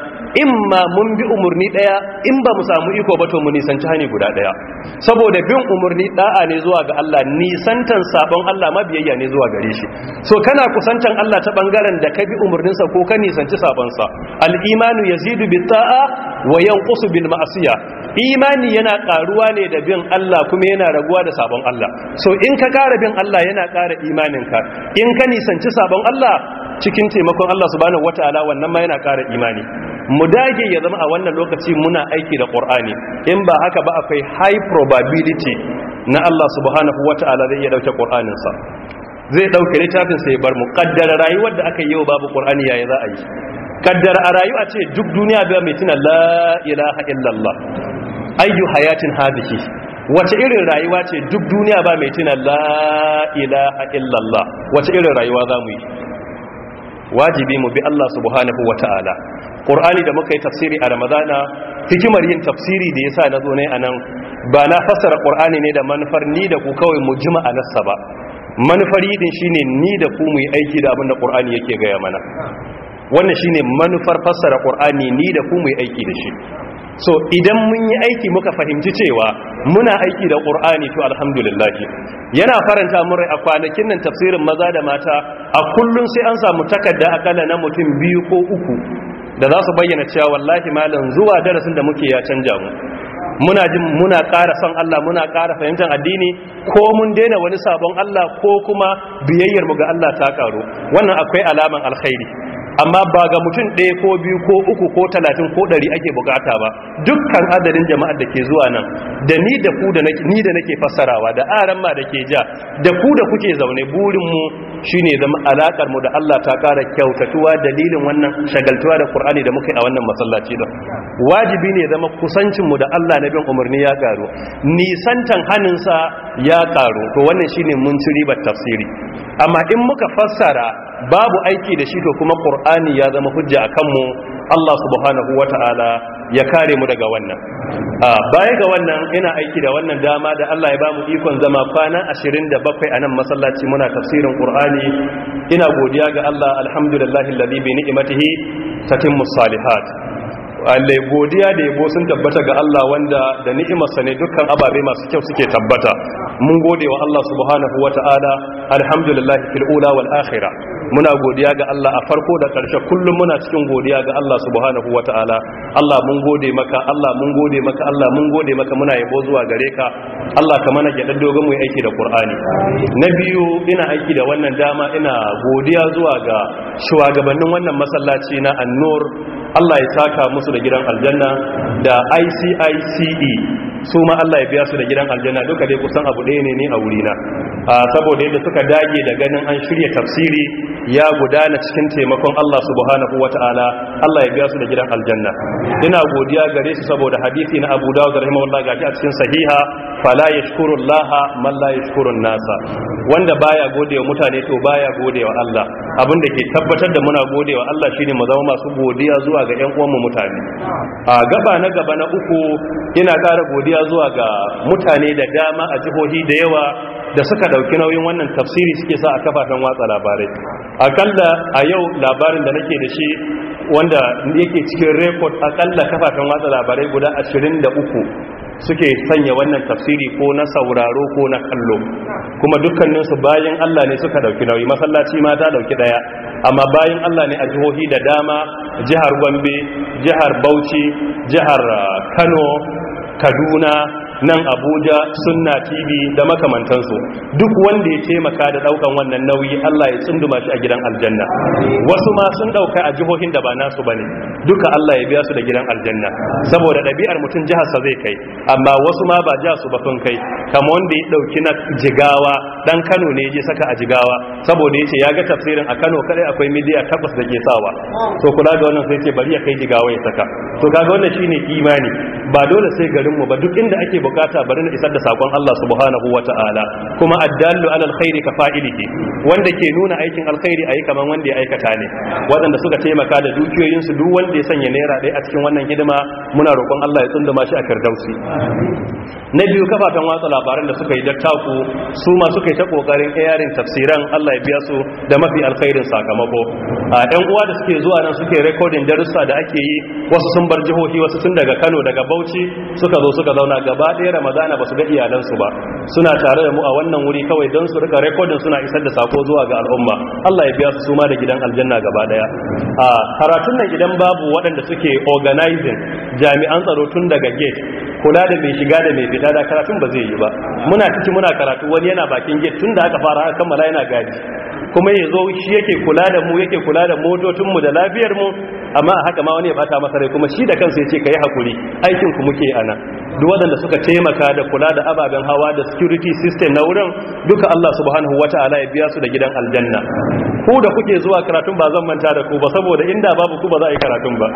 imma mun bi umurni daya in ba mu samu iko ba to mun nisanci hani guda daya saboda bin umurni da'a ne zuwa ga Allah nisantan sabon Allah ma biyayya biyayya ne zuwa gare shi so kana kusantan Allah ta bangaren da ka bi umarninsa ko ka nisanci sabansa al-imanu yazidu bita'a ta'a wa yanqusu bil ma'siya imani yana karuwa ne da bin Allah kuma yana raguwa da sabon Allah so in ka kara bin Allah yana kara ka in ka nisanci sabon Allah cikin taimakon Allah subhanahu wataala wannan ma yana kara imani mu dage ya zama a wannan lokaci muna aiki da Qur'ani in ba haka ba akwai high probability na Allah subhanahu wata'ala zai iya dauke Qur'aninsa zai dauke littafin sai bar mu kaddara rayuwar da aka yi yau babu qur'ani yayi za a yi kaddara a rayu ce duk duniya ba mai tuna la ilaha illallah ayyu hayatin wace irin rayuwa ce duk duniya ba mai tuna la ilaha illallah wace irin rayuwa za mu yi wajibi mu bi Allah subhanahu wa ta'ala da muka yi tafsiri a ramadana hikimar yin tafsiri da ya sa na zo ne a nan ba na fassara ƙur'ani ne da manufar ni da ku kawai mu ji nasa ba manufar yidin shine ni da ku mu yi aiki da abin da qur'ani yake gaya mana wannan shine manufar fassara qur'ani ni da ku mu yi aiki da shi so idan mun yi aiki muka fahimci cewa muna aiki da qur'ani to alhamdulillah yana faranta mun rai a kwanakin nan tafsirin maza da mata a kullun sai an samu takarda a akalla na mutum biyu ko uku da za su bayyana cewa wallahi malam zuwa darasin da muke ya canja mu muna jin muna ƙara son Allah muna ƙara fahimtar addini ko mun daina wani sabon Allah ko kuma biyayyar mu ga Allah ta karu wannan akwai alaman alkhairi amma ba ga mutum ɗaya ko biyu ko uku ko talatin ko ɗari ake bukata ba dukkan adadin jama'ar da ke zuwa nan da ni da ku da nake fassarawa da aran ma da ke ja da ku da kuke zaune burinmu. ne zama alaƙarmu mu da Allah ta ƙara kyautatuwa dalilin wannan shagaltuwa da Kur'ani da muke a wannan masallaci don wajibi ne zama kusancinmu da Allah na bin umarni ya ƙaru nisantan haninsa ya ƙaru, to wannan shine mun ci ribar tafsiri amma in muka fassara babu aiki da shi to kuma ƙur'ani ya zama hujja a kanmu, Allah subhanahu ta'ala ya kare mu daga wannan A baya ga wannan ina aiki da wannan dama da Allah ya bamu ikon zama kwana 27 a nan masallaci muna tafsirin Qur'ani ina godiya ga Allah alhamdulillah alladhi bi ni'matihi tatimmu salihat Allah godiya da yabo sun tabbata ga Allah wanda da ni'imar sa ne dukkan ababe masu kyau suke tabbata mun gode wa Allah subhanahu wataala alhamdulillahi fil ula wal akhirah muna godiya ga Allah a farko da ƙarshe kullum muna cikin godiya ga Allah subhanahu ta'ala. Allah mun gode maka Allah mun gode maka Allah mun gode maka muna yabo zuwa gare ka Allah ka mana gyaɗar dogon mu aiki da Qur'ani na biyu ina aiki da wannan dama ina godiya zuwa ga shugabannin wannan masallaci na An-Nur Allah ya saka musu da gidan aljanna da ICICE su ma Allah ya biya su da gidan aljanna duka dai kusan abu ɗaya ne ne a wurina saboda yadda suka dage da ganin an shirya tafsiri ya gudana cikin taimakon Allah subhanahu wata'ala Allah ya biya su da gidan aljanna ina godiya gare su saboda hadisi na Abu Dawud rahimahullah gashi a cikin sahiha fala yashkuru Allah man la yashkuru nasa wanda baya wa mutane to baya wa Allah abin da ke tabbatar da muna godewa Allah shine mu zama masu godiya zuwa ga ƴan uwanmu mutane a gaba na gaba na uku ina ƙara godiya zuwa ga mutane da dama a jihohi da yawa da suka dauki nauyin wannan tafsiri suke sa a kafafen watsa labarai akalla a yau labarin da nake da shi wanda yake cikin rekod akalla kafafen watsa labarai guda 23 suke sanya wannan tafsiri ko na sauraro ko na kallo kuma dukkaninsu bayan Allah ne suka dauki nauyi masallaci ma ta dauki daya amma bayan Allah ne a jihohi da dama jihar Gombe jihar Bauchi jihar ah, Kano Kaduna nan abuja sunna tv da makamantansu duk wanda ya taimaka da daukan wannan nauyi allah ya tsunduma shi a gidan aljanna wasu ma sun dauka a jihohin da ba nasu bane duka allah ya biya su da gidan aljanna saboda ɗabi'ar mutum jihar sa zai kai amma wasu ma ba jihar su ba kun kai kamar wanda ya dauki na jigawa dan kano ne ya saka a jigawa saboda ya ce ya ga tafsirin a kano kadai akwai midiya takwas da ke sawa to kula ga wannan sai ce bari ya kai jigawa ya saka to kaga wannan shine imani ba dole sai garin mu ba duk inda ake bukata bari na isar da sakon Allah subhanahu ta'ala, kuma addalu ala alkhairi ka fa'ilihi wanda ke nuna aikin alkhairi ayi kaman wanda ya aikata ne waɗanda suka taimaka da dukiyoyin su duk wanda ya sanya naira ɗaya a cikin wannan hidima muna roƙon Allah ya tsunduma shi a firdausi na biyu kafafen watsa labaran da suka yi dattaku su ma suka yi ta kokarin ayarin tafsiran Allah ya biya su da mafi alkhairin sakamako a ɗan uwa da suke zuwa nan suke rekodin darussa da ake yi wasu sun bar jihohi wasu sun daga Kano daga Bauchi suka zo suka zauna gaba sai ramazana ba su ga iyalansu ba suna tare da mu a wannan wuri kawai don su rika rekodin suna isar da sako zuwa ga al'umma Allah ya biya su suma da gidan aljanna gaba ɗaya a karatun nan idan babu waɗanda suke organizing jami'an tsaro tun daga gate kula da mai shiga da mai fita da karatun ba zai yi ba muna ciki muna karatu wani yana bakin gate tun da aka fara aka kammala yana gaji kuma ya zo shi yake kula da mu yake kula da motocinmu da lafiyarmu amma a haka ma wani ya bata masa rai kuma shi da kansa ya ce ka yi haƙuri aikin ku muke ana duk waɗanda suka taimaka da kula da ababen hawa da security system na wurin duka Allah subhanahu wa ta'ala ya biya su da gidan aljanna ku da kuke zuwa karatun ba zan manta da ku ba saboda inda babu ku ba za a yi karatun ba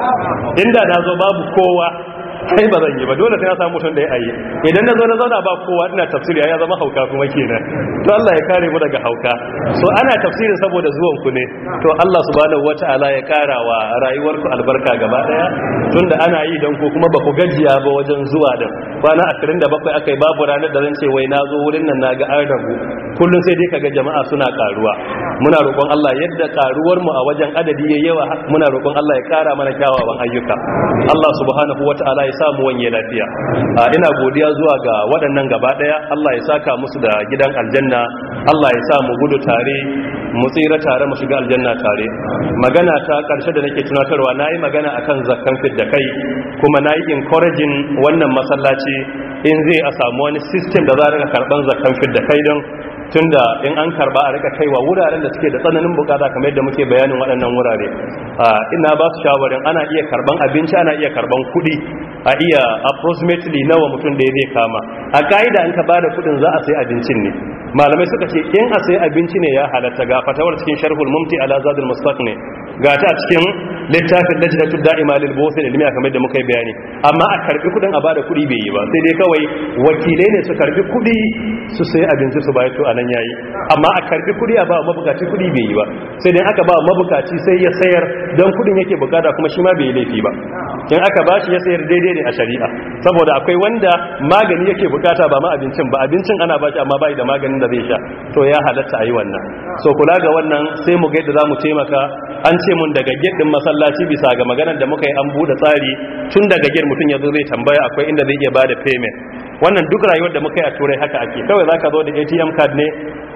inda da zo babu kowa sai ba zan yi ba dole sai na samu mutum da ya ayi idan na zo na zauna ba kowa ina tafsiri ya zama hauka kuma kenan to Allah ya kare mu daga hauka so ana tafsiri saboda zuwan ku ne to Allah subhanahu wataala ya kara wa rayuwar ku albarka gaba daya tunda ana yi dan ku kuma ba ku gajiya ba wajen zuwa da kwana 27 akai babu ranar da zan ce wai na zo wurin nan naga an rabu kullun sai dai kaga jama'a suna karuwa muna roƙon Allah yadda karuwar mu a wajen adadi yayi yawa muna roƙon Allah ya kara mana kyawawan ayyuka Allah subhanahu wataala ya samu wanye lafiya ina godiya zuwa ga waɗannan gaba ɗaya Allah ya saka musu da gidan aljanna Allah ya sa mu gudu tare mu tsira tare mu shiga aljanna tare magana ta ƙarshe da nake tunatarwa Na yi magana akan zakkan fidda kai kuma nayi encouraging wannan masallaci in zai a samu wani system da za a karɓan zakkan fidda kai don tunda in an karba a rika kaiwa wuraren da suke da tsananin bukata kamar yadda muke bayanin waɗannan wurare ina ba su shawarin ana iya karban abinci ana iya karban kuɗi a iya approximately nawa mutum da ya zai kama a ka'ida in ka ba da kuɗin za a sai abincin ne malamai suka ce in a sai abinci ne ya halatta ga fatawar cikin sharhul mumti ala zadul mustaq ne ga ta cikin littafin da lajnatul da'ima lil da a kamar da muka yi bayani amma a karbi kudin a bada kudi bai yi ba sai dai kawai wakilai ne su karbi kudi su sai abinci su bayato a nan yayi amma a karbi kudi a ba mabukaci kudi bai yi ba sai dai aka ba mabukaci sai ya sayar don kudin yake bukata kuma shi ma bai yi laifi ba in aka ba shi ya sayar daidai ne a shari'a saboda akwai wanda magani yake bukata ba ma abincin ba abincin ana ba shi amma bai da maganin da zai sha to ya halatta a yi wannan so kula ga wannan sai mu ga yadda za mu taimaka an ce mun daga gidin masallaci bisa ga maganar da muka yi an buɗe tsari tun daga gidin mutum ya zo zai tambaya akwai inda zai iya bada payment wannan duk rayuwar da muka yi a turai haka ake kawai zaka zo da atm card ne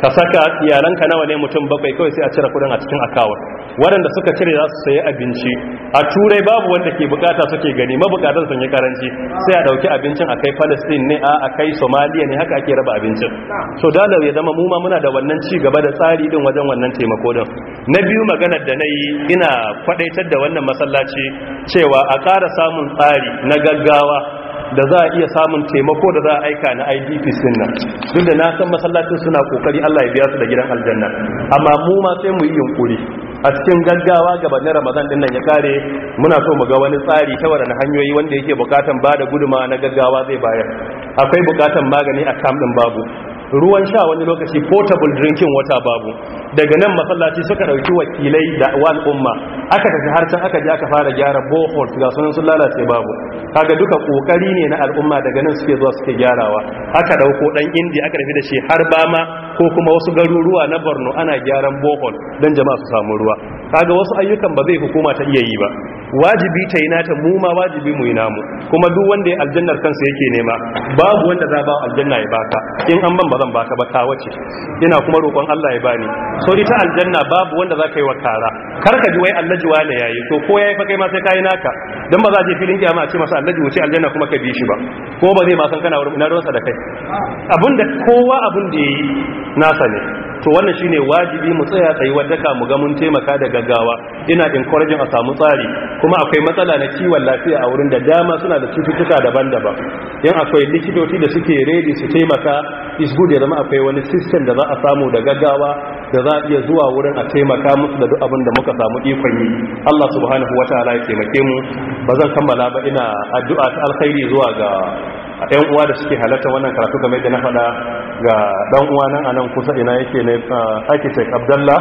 ka saka iyalanka nawa ne mutum bakwai kawai sai a cire kudin a cikin akawar waɗanda suka cire za su sayi abinci a turai babu wanda ke bukata suke gani mabukatan sun yi karanci sai a ɗauki abincin a kai palestine ne a kai somaliya ne haka ake raba abincin so dalau ya zama ma muna da wannan ci gaba da tsari din wajen wannan taimako din na biyu maganar da na yi ina kwaɗaitar da wannan masallaci cewa a ƙara samun tsari na gaggawa da za a iya samun taimako da za a aika na idp sin nan duk da na san masallacin suna kokari allah ya biya su da gidan aljanna amma mu ma sai mu yi yunkuri a cikin gaggawa gabanin ramadan din nan ya kare muna so mu ga wani tsari ta na hanyoyi wanda yake bukatan bada da guduma na gaggawa zai bayar akwai bukatan magani a kam din babu ruwan sha wani lokaci portable drinking water babu daga nan masallaci suka dauki wakilai da al'umma aka tafi har can aka je aka fara gyara bohol ga sunan sun lalace babu kaga duka kokari ne na al'umma daga nan suke zuwa suke gyarawa aka dauko dan indi aka dafi da shi har bama ko kuma wasu garuruwa na Borno ana gyaran bohol dan jama'a su samu ruwa kaga wasu ayyukan ba zai hukuma ta iya yi ba wajibi ta yi nata mu ma wajibi mu yi namu kuma duk wanda ya aljannar kansa yake nema babu wanda za ba aljanna ya baka in an ban ba zan baka ba ta wace ina kuma roƙon Allah ya bani so ta aljanna babu wanda za ka yi wa kara kar ka ji wai allaji wane yayi to ko yayi fa kai ma sai kai naka dan ba za je filin kiyama a ce masa allaji wuce aljanna kuma ka bi shi ba ko ba zai ma san kana wurin ina ruwansa da kai abinda kowa abin da yayi nasa ne to wannan shine wajibi mu tsaya tsayi wadaka mu ga mun taimaka da gaggawa ina encouraging a samu tsari kuma akwai matsala na ciwon lafiya a wurin da dama suna da cututtuka daban-daban yan akwai likitoci da suke ready su taimaka is good ya zama akwai wani system da za a samu da gaggawa da za a iya zuwa wurin a taimaka musu da duk abin da muka samu ikon yi Allah subhanahu wataala ya taimake mu ba zan kammala ba ina addu'a ta alkhairi zuwa ga 'yan uwa da suke halarta wannan karatu kamar da na faɗa ga dan a nan kusa ina yake ne architect abdallah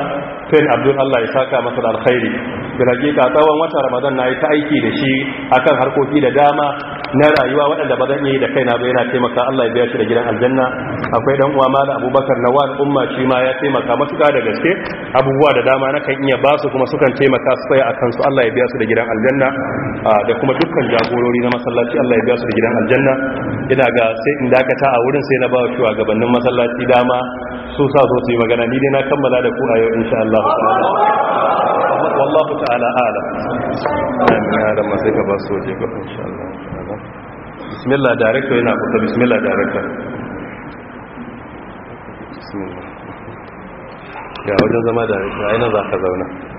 fen abdul allah ya saka masa da alkhairi da hakika tsawon wata ramadan na yi ta aiki da shi akan harkoki da dama na rayuwa waɗanda ba zan yi da kaina ba yana taimaka allah ya biya shi da gidan aljanna akwai dan uwa malam abubakar nawal umma shi ma ya taimaka matuƙa da gaske abubuwa da dama na kan iya ba su kuma sukan taimaka su tsaya akan su allah ya biya su da gidan aljanna da kuma dukkan jagorori na masallaci allah ya biya su da gidan aljanna ina ga sai in dakata a wurin sai na ba gabanin masallaci dama su sa zo su yi magana ni dai na kammala da ku a yau insha Allah ta'ala wallahu ta'ala ala amin ya da masai ka ba su je ga insha Allah bismillah director yana ku bismillah director bismillah ya wajen zama director aina za ka zauna